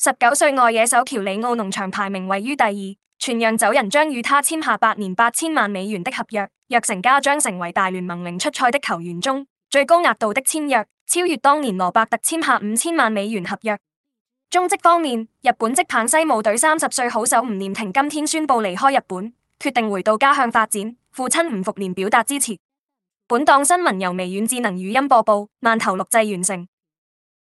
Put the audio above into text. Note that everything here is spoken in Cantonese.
十九歲外野手喬里奧農場排名位於第二，釀酒人將與他簽下八年八千萬美元的合約，若成家將成為大聯盟零出賽的球員中最高額度的簽約，超越當年羅伯特簽下五千萬美元合約。中職方面，日本職棒西武隊三十歲好手吳念庭今天宣布離開日本，決定回到家鄉發展，父親吳福年表達支持。本檔新聞由微軟智能語音播報，慢頭錄製完成。